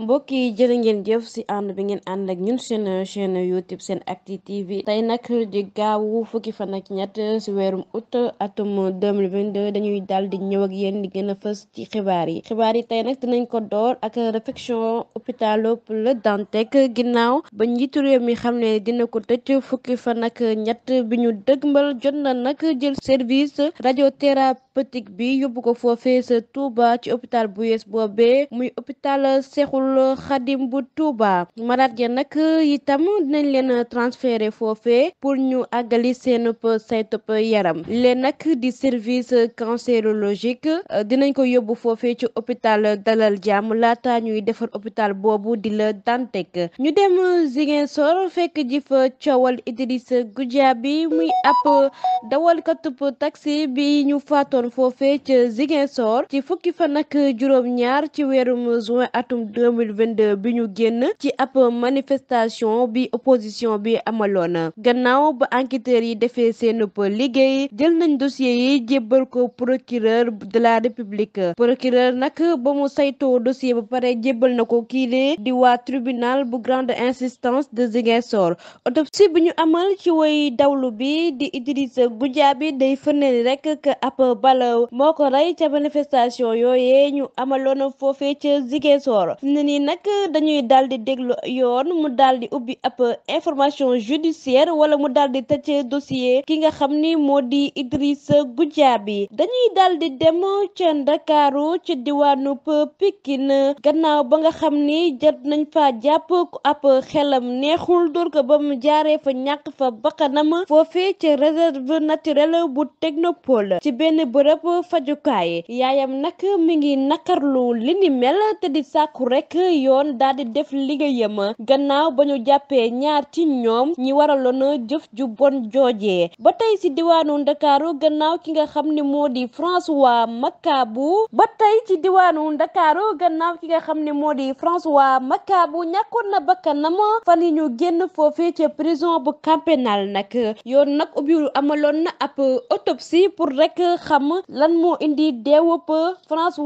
mbokk yi jërë ngeen jëf si ànd bi ngeen ànd ak ñun seen chaîne youtube seen acti tv tey nag di gaawu fukki fan nag ñett si weerum août atum 2022 dañuy daal di ñëw ak yéen di gën a fës ci xibaar yi xibaar yi tey nag dinañ ko door ak réfection hôpitalu Le Dantec ginnaaw ba njiitu réew mi xam ne dina ko tëj fukki fan nag ñett bi ñu dëgmal jot na nag jël service radiothérapeutique bi yóbbu ko foofee sa Touba ci hôpital bu yees boobee muy hôpital Cheikhoul seexul xadim bu Touba malade ya nag itam dinañ leen transféré foofee pour ñu àggali seen saytub yaram leen nag di service cancérologique dinañ ko yóbbu foofee ci hôpital Dalal Jàmm laata ñuy defar hôpital boobu di la Dantec ñu dem Ziguinchor fekk ji fa coowal Idrissa Goudiaby muy ab dawalkatub taxi bi ñu faatoon foofee ci Ziguinchor ci fukki fan ak juróom ñaar ci weerum juin atum 2022 bi ñu génn ci ab manifestation bi opposition bi amaloon gannaaw ba enquêteurs yi defee seen liggéey jël nañ dossier yi jébbal ko procureur de la république procureur nag ba mu saytoo dossier ba pare jébbal na ko kiilee di waa tribunal bu grande instance de Ziguinchor autopsie bi ñu amal ci woy dawlu bi di Idrissa Goudiaby day firndeel rek que ab bala moo ko rey ca manifestation yooyee ñu amaloon foofee ca Ziguinchor ne nii nag dañuy daal di déglu yoon mu daal di ubbi ab information judiciaire wala mu daal di tëj dossier ki nga xam ni moo di Idrissa Goudiaby dañuy daal di dem ca Ndakaaru ci diwaanu Pikine gannaaw ba nga xam ni jot nañ fa jàpp ab xelam neexul door ko ba mu jaaree fa ñàkk fa bakkanam foofee ca réserve naturelle bu Technopole ci benn bërëb fajukaay yaayam nag mi ngi nakarlu li ni mel te di sàkku rek rek yoon daal di def liggéeyam gannaaw ba ñu jàppee ñaar ci ñoom ñi waraloon jëf ju bon joojee ba tey ci diwaanu ndakaaru gannaaw ki nga xam ni moo di François Makabu ba tey ci diwaanu ndakaaru gannaaw ki nga xam ne moo di François Makabu ñàkkoon na bakkanam fan yi ñu génn foofee ca prison bu Camp Pénal nag yoon nag ubbi amaloon na ab autopsie pour rekk xam lan moo indi deewub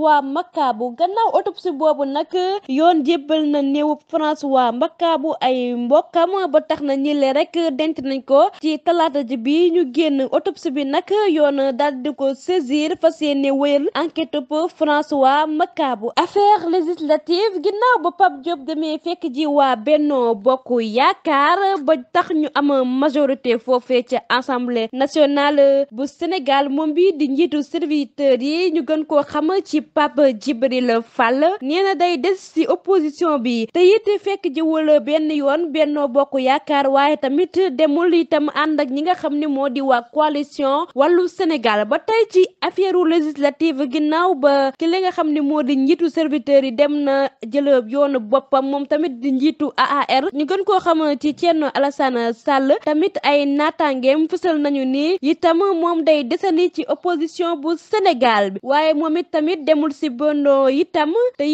waa Makabu gannaaw autopsie boobu nag yoon jébbal na france François mbakka bu ay mbokkam ba tax na ñi le rek denc nañ ko ci talaata ji bi ñu génn autopsie bi nag yoon daal di ko saisir fas yéene wéyal enquête france François mbakka bu affaire législative ginnaaw ba Pape Diop demee fekk ji waa Benno Bokk Yaakaar ba tax ñu am majorité foofe ca assemblée nationale bu Sénégal moom bi di njiitu serviteur yi ñu gën koo xam ci Pape Djibril Fall nee day des si di opposition bi yi it fekk jiwul benn yoon Benno Bokk Yaakaar waaye tamit demul itam ànd ak ñi nga xam ne moo di waa coalition wallu Sénégal ba tey ci affaire législative ginnaaw ba ki li nga xam ni moo di njiitu serviteurs yi dem na jëlëb yoonu boppam moom tamit di njiitu AAR ñu gën koo xam ci Thierno Alassane Sall tamit ay naataangeem fësal nañu nii itam moom day ni ci opposition bu Sénégal bi waaye moom it tamit demul si Benno itam te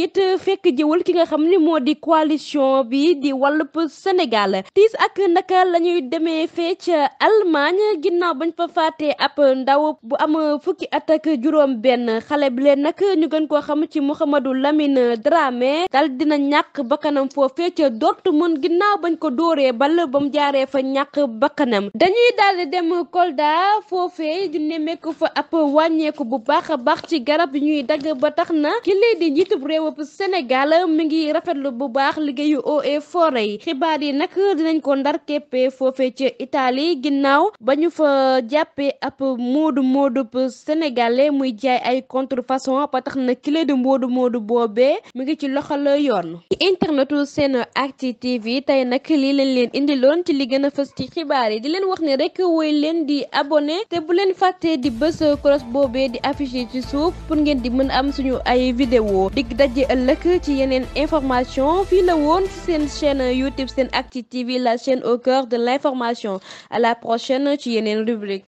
teewul ki nga xam ni moo di coalition bi di wàllub Sénégal tiis ak naka la ñuy demee fee ca Allemagne ginnaaw bañ fa faatee ab ndaw bu am fukki at ak juróom benn xale bi leen nag ñu gën koo xam ci Mouhamadou Lamine Dramé dal dina ñàkk bakkanam foofee ca mën ginnaaw bañ ko dóoree bal ba mu jaaree fa ñàkk bakkanam dañuy daldi dem Kolda foofee di nemmeeku fa ab wàññeeku bu baax a baax ci garab yi ñuy dagg ba tax na ki di njiitub réewub Sénégal moom mi ngi rafetlu bu baax liggéeyu eaux et forêts yi xibaar yi nag dinañ ko ndar képpee foofee ci Italie ginnaaw ba ñu fa jàppee ab moodu moodu sénégalais muy jaay ay contrefaçon ba tax na kile di moodu moodu boobee mu ngi ci loxo la yoon. internetu SENactu TV tey nag lii lañ leen indiloon ci li gën fës ci xibaar yi di leen wax ne rek woy leen di abonné te bu leen fàttee di bës cross boobee di affiché ci suuf pour ngeen di mën am suñu ay vidéo dig daje ci yeneen. seen information fii la woon ci seen chaîne YouTube SENactu TV la chaîne au cœur de l'information à la prochaine ci yeneen rubrique